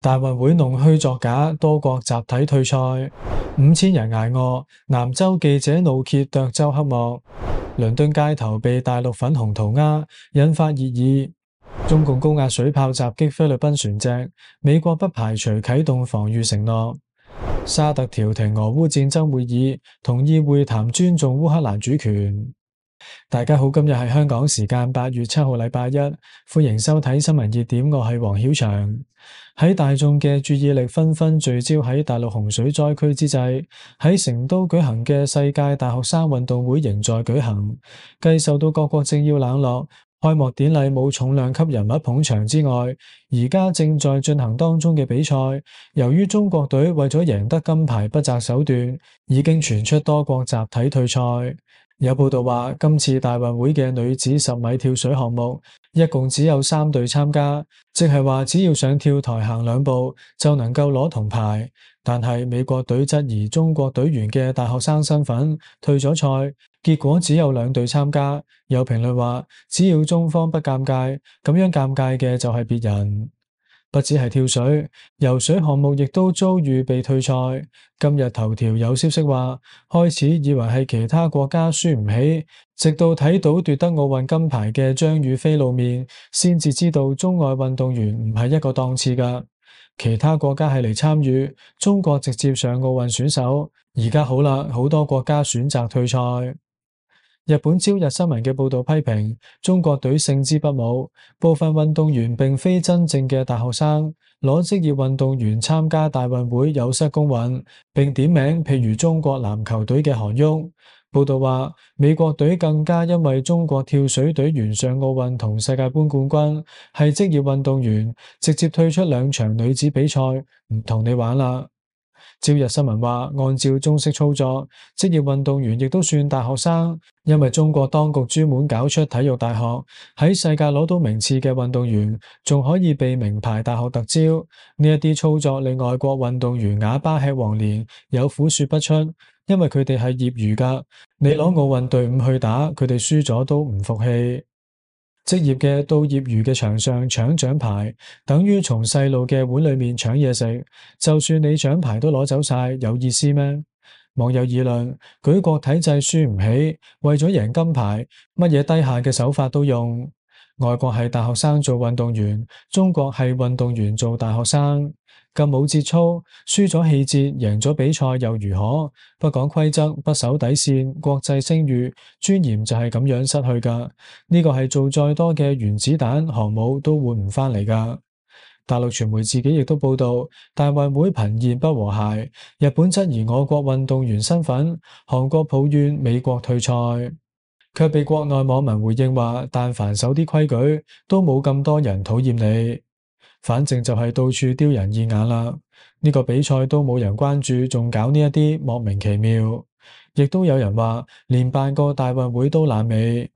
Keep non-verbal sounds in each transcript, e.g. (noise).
大運會弄虛作假，多國集體退賽，五千人捱餓。南週記者怒揭涿州黑幕，倫敦街頭被大陸粉紅塗鴉，引發熱議。中共高壓水炮襲擊菲律賓船隻，美國不排除啟動防禦承諾。沙特調停俄烏戰爭會議，同意會談尊重烏克蘭主權。大家好，今日係香港時間八月七號，禮拜一，歡迎收睇新聞熱點。我係黃曉翔。喺大眾嘅注意力紛紛聚焦喺大陸洪水災區之際，喺成都舉行嘅世界大學生運動會仍在舉行。繼受到各國政要冷落，開幕典禮冇重量級人物捧場之外，而家正在進行當中嘅比賽，由於中國隊為咗贏得金牌不擇手段，已經傳出多國集體退賽。有報道話，今次大運會嘅女子十米跳水項目，一共只有三隊參加，即係話只要上跳台行兩步就能夠攞銅牌。但係美國隊質疑中國隊員嘅大學生身份退咗賽，結果只有兩隊參加。有評論話，只要中方不尷尬，咁樣尷尬嘅就係別人。不止係跳水，游水項目亦都遭遇被退賽。今日頭條有消息話，開始以為係其他國家輸唔起，直到睇到奪得奧運金牌嘅張雨霏露面，先至知道中外運動員唔係一個檔次噶。其他國家係嚟參與，中國直接上奧運選手。而家好啦，好多國家選擇退賽。日本朝日新聞嘅報道批評中國隊勝之不武，部分運動員並非真正嘅大學生，攞職業運動員參加大運會有失公允，並點名譬如中國籃球隊嘅韓旭。報道話，美國隊更加因為中國跳水隊員上奧運同世界杯冠軍係職業運動員，直接退出兩場女子比賽，唔同你玩啦。朝日新聞話，按照中式操作，職業運動員亦都算大學生，因為中國當局專門搞出體育大學，喺世界攞到名次嘅運動員仲可以被名牌大學特招。呢一啲操作令外國運動員啞巴吃黃連，有苦說不出，因為佢哋係業餘噶，你攞奧運隊伍去打，佢哋輸咗都唔服氣。職業嘅到業餘嘅場上搶獎牌，等於從細路嘅碗裏面搶嘢食。就算你獎牌都攞走晒，有意思咩？網友議論：舉國體制輸唔起，為咗贏金牌，乜嘢低下嘅手法都用。外國係大學生做運動員，中國係運動員做大學生。咁冇節操，輸咗氣節，贏咗比賽又如何？不講規則，不守底線，國際聲譽、尊嚴就係咁樣失去噶。呢個係做再多嘅原子彈、航母都換唔翻嚟噶。大陸傳媒自己亦都報道，大運會頻現不和諧，日本質疑我國運動員身份，韓國抱怨美國退賽，卻被國內網民回應話：但凡守啲規矩，都冇咁多人討厭你。反正就係到處丟人現眼啦，呢個比賽都冇人關注，仲搞呢一啲莫名其妙，亦都有人話連辦個大運會都爛尾。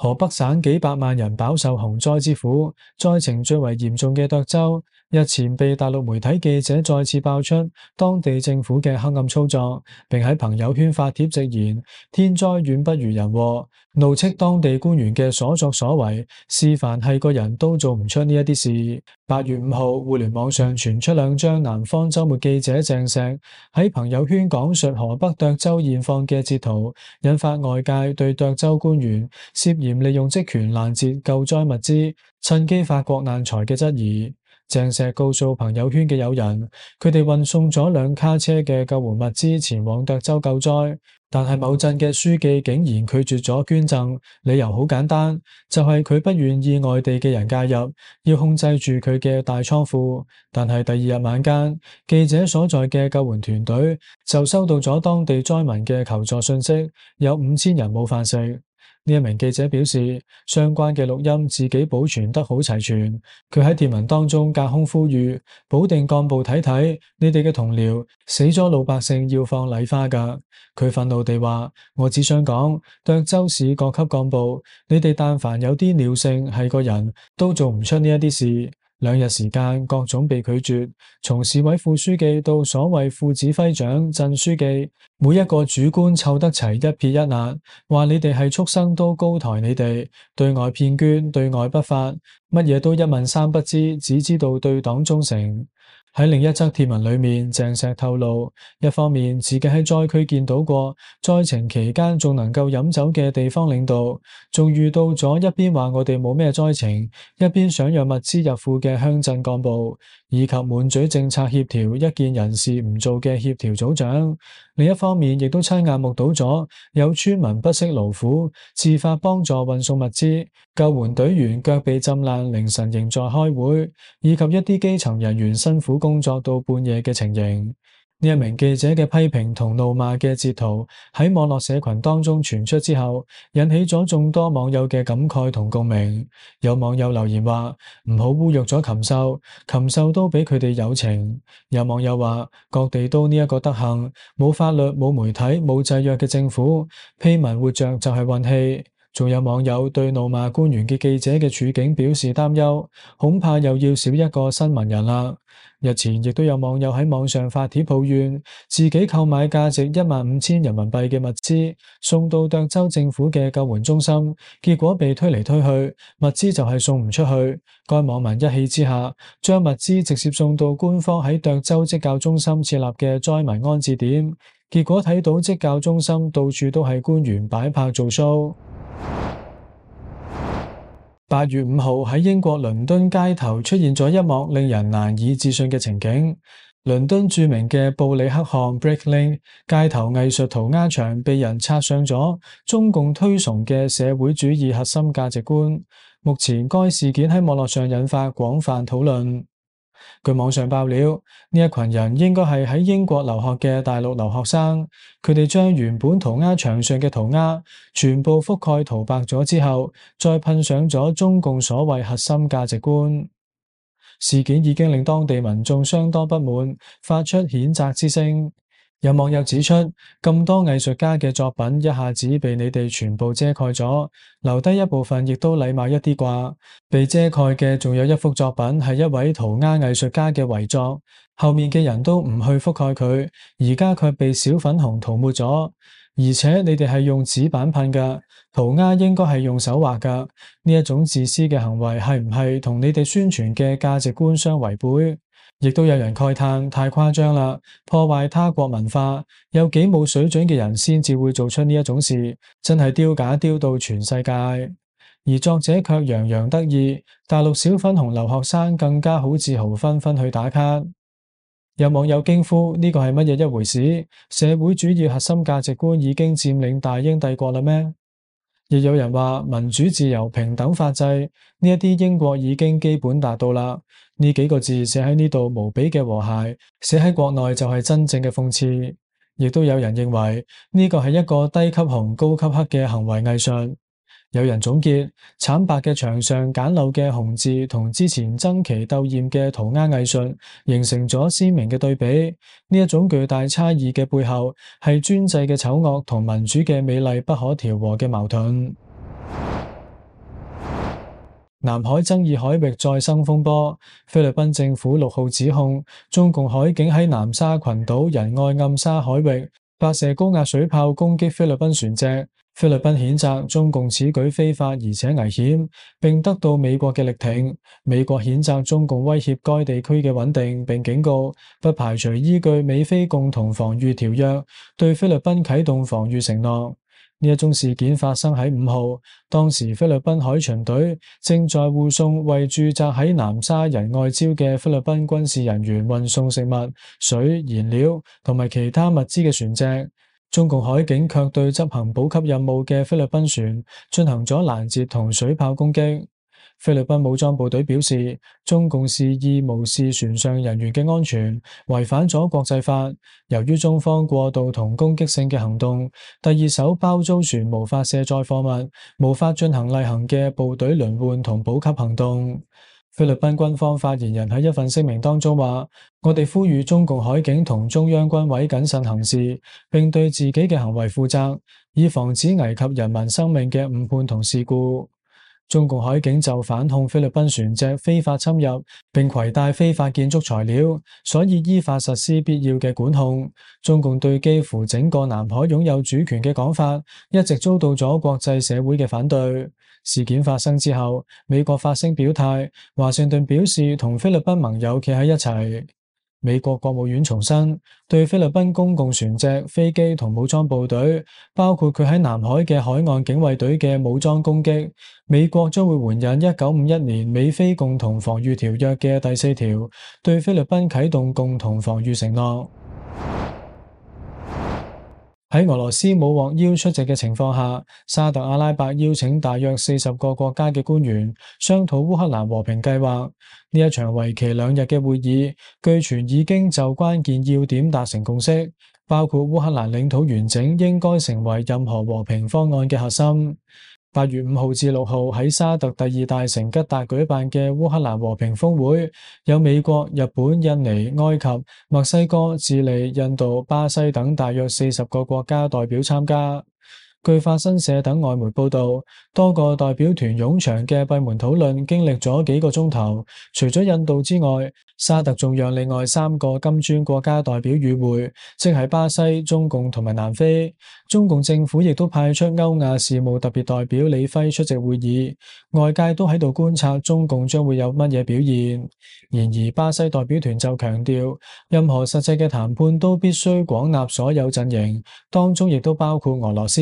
河北省幾百萬人飽受洪災之苦，災情最為嚴重嘅涿州。日前被大陸媒體記者再次爆出當地政府嘅黑暗操作，並喺朋友圈發帖直言：天災遠不如人禍，怒斥當地官員嘅所作所為，示範係個人都做唔出呢一啲事。八月五號，互聯網上傳出兩張南方周末記者鄭石喺朋友圈講述河北涿州現況嘅截圖，引發外界對涿州官員涉嫌利用職權攔截救災物資、趁機發國難財嘅質疑。鄭石告訴朋友圈嘅友人，佢哋運送咗兩卡車嘅救援物資前往涿州救災，但係某鎮嘅書記竟然拒絕咗捐贈，理由好簡單，就係佢不願意外地嘅人介入，要控制住佢嘅大倉庫。但係第二日晚間，記者所在嘅救援團隊就收到咗當地災民嘅求助信息，有五千人冇飯食。呢一名記者表示，相關嘅錄音自己保存得好齊全。佢喺電文當中隔空呼籲保定幹部睇睇，你哋嘅同僚死咗，老百姓要放禮花噶。佢憤怒地話：我只想講，涿州市各級幹部，你哋但凡有啲尿性係個人都做唔出呢一啲事。兩日時間，各種被拒絕，從市委副書記到所謂副指揮長、鎮書記，每一個主官湊得齊一撇一捺。話你哋係畜生都高抬你哋，對外騙捐，對外不發，乜嘢都一問三不知，只知道對黨忠誠。喺另一則帖文裏面，鄭石透露，一方面自己喺災區見到過災情期間仲能夠飲酒嘅地方領導，仲遇到咗一邊話我哋冇咩災情，一邊想讓物資入庫嘅鄉鎮幹部，以及滿嘴政策協調一件人事唔做嘅協調組長；另一方面，亦都親眼目睹咗有村民不惜勞苦，自發幫助運送物資，救援隊員腳被浸爛，凌晨仍在開會，以及一啲基層人員辛苦工。工作到半夜嘅情形，呢一名記者嘅批評同怒罵嘅截圖喺網絡社群當中傳出之後，引起咗眾多網友嘅感慨同共鳴。有網友留言話：唔好侮辱咗禽獸，禽獸都比佢哋有情。有網友話：各地都呢一個德行，冇法律、冇媒體、冇制約嘅政府，屁民活着就係運氣。仲有網友對怒罵官員嘅記者嘅處境表示擔憂，恐怕又要少一個新聞人啦。日前亦都有網友喺網上發帖抱怨，自己購買價值一萬五千人民幣嘅物資送到涿州政府嘅救援中心，結果被推嚟推去，物資就係送唔出去。該網民一氣之下，將物資直接送到官方喺涿州職教中心設立嘅災民安置點。結果睇到職教中心到處都係官員擺拍做 show。八月五號喺英國倫敦街頭出現咗一幕令人難以置信嘅情景：倫敦著名嘅布里克巷 Brick Lane 街頭藝術塗鴉牆被人刷上咗中共推崇嘅社會主義核心價值觀。目前該事件喺網絡上引發廣泛討論。據網上爆料，呢一群人應該係喺英國留學嘅大陸留學生，佢哋將原本塗鴉牆上嘅塗鴉全部覆蓋塗白咗之後，再噴上咗中共所謂核心價值觀。事件已經令當地民眾相當不滿，發出譴責之聲。有網友指出，咁多藝術家嘅作品一下子被你哋全部遮蓋咗，留低一部分亦都禮貌一啲啩？被遮蓋嘅仲有一幅作品係一位塗鴉藝術家嘅遺作，後面嘅人都唔去覆蓋佢，而家卻被小粉紅塗抹咗。而且你哋係用紙板噴噶，塗鴉應該係用手畫噶，呢一種自私嘅行為係唔係同你哋宣傳嘅價值觀相違背？亦都有人慨嘆太誇張啦，破壞他國文化，有幾冇水準嘅人先至會做出呢一種事，真係丟架丟到全世界。而作者卻洋洋得意，大陸小粉紅留學生更加好自豪，紛紛去打卡。有網友驚呼：呢個係乜嘢一回事？社會主義核心價值觀已經佔領大英帝國啦咩？亦有人話民主、自由、平等、法制呢一啲英國已經基本達到啦。呢幾個字寫喺呢度無比嘅和諧，寫喺國內就係真正嘅諷刺。亦都有人認為呢個係一個低級紅、高級黑嘅行為藝術。有人總結，慘白嘅牆上簡陋嘅紅字，同之前爭奇鬥艷嘅塗鴉藝術，形成咗鮮明嘅對比。呢一種巨大差異嘅背後，係專制嘅醜惡同民主嘅美麗不可調和嘅矛盾。 (noise) 南海爭議海域再生風波，菲律賓政府六號指控中共海警喺南沙群島仁愛暗沙海域發射高壓水炮攻擊菲律賓船隻。菲律賓譴責中共此舉非法而且危險，並得到美國嘅力挺。美國譴責中共威脅該地區嘅穩定，並警告不排除依據美菲共同防禦條約對菲律賓啟動防禦承諾。呢一宗事件發生喺五號，當時菲律賓海巡隊正在護送為駐紮喺南沙人外礁嘅菲律賓軍事人員運送食物、水、燃料同埋其他物資嘅船隻。中共海警卻對執行補給任務嘅菲律賓船進行咗攔截同水炮攻擊。菲律賓武裝部隊表示，中共肆意無視船上人員嘅安全，違反咗國際法。由於中方過度同攻擊性嘅行動，第二艘包租船無法卸載貨物，無法進行例行嘅部隊輪換同補給行動。菲律賓軍方發言人喺一份聲明當中話：我哋呼籲中共海警同中央軍委謹慎行事，並對自己嘅行為負責，以防止危及人民生命嘅誤判同事故。中共海警就反控菲律賓船隻非法侵入，並携帶非法建築材料，所以依法實施必要嘅管控。中共對幾乎整個南海擁有主權嘅講法，一直遭到咗國際社會嘅反對。事件發生之後，美國發聲表態，華盛頓表示同菲律賓盟友企喺一齊。美國國務院重申，對菲律賓公共船隻、飛機同武裝部隊，包括佢喺南海嘅海岸警衛隊嘅武裝攻擊，美國將會援引一九五一年美菲共同防禦條約嘅第四條，對菲律賓啟動共同防禦承諾。喺俄羅斯冇獲邀出席嘅情況下，沙特阿拉伯邀請大約四十個國家嘅官員商討烏克蘭和平計劃。呢一場為期兩日嘅會議，據傳已經就關鍵要點達成共識，包括烏克蘭領土完整應該成為任何和平方案嘅核心。八月五號至六號喺沙特第二大城吉達舉辦嘅烏克蘭和平峰會，有美國、日本、印尼、埃及、墨西哥、智利、印度、巴西等大約四十個國家代表參加。據法新社等外媒報道，多個代表團冗長嘅閉門討論經歷咗幾個鐘頭。除咗印度之外，沙特仲有另外三個金磚國家代表與會，即係巴西、中共同埋南非。中共政府亦都派出歐亞事務特別代表李輝出席會議。外界都喺度觀察中共將會有乜嘢表現。然而，巴西代表團就強調，任何實際嘅談判都必須廣納所有陣營，當中亦都包括俄羅斯。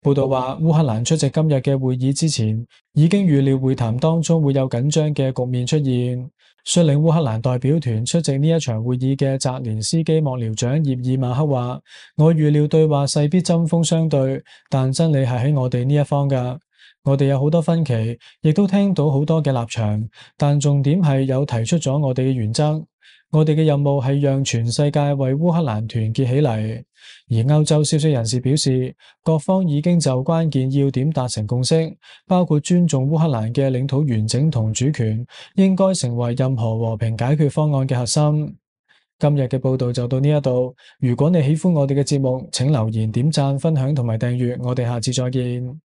報道話，烏克蘭出席今日嘅會議之前，已經預料會談當中會有緊張嘅局面出現。率領烏克蘭代表團出席呢一場會議嘅澤連斯基幕僚長葉爾馬克話：我預料對話勢必針鋒相對，但真理係喺我哋呢一方噶。我哋有好多分歧，亦都聽到好多嘅立場，但重點係有提出咗我哋嘅原則。我哋嘅任務係讓全世界為烏克蘭團結起嚟，而歐洲消息人士表示，各方已經就關鍵要點達成共識，包括尊重烏克蘭嘅領土完整同主權，應該成為任何和平解決方案嘅核心。今日嘅報道就到呢一度，如果你喜歡我哋嘅節目，請留言、點讚、分享同埋訂閱，我哋下次再見。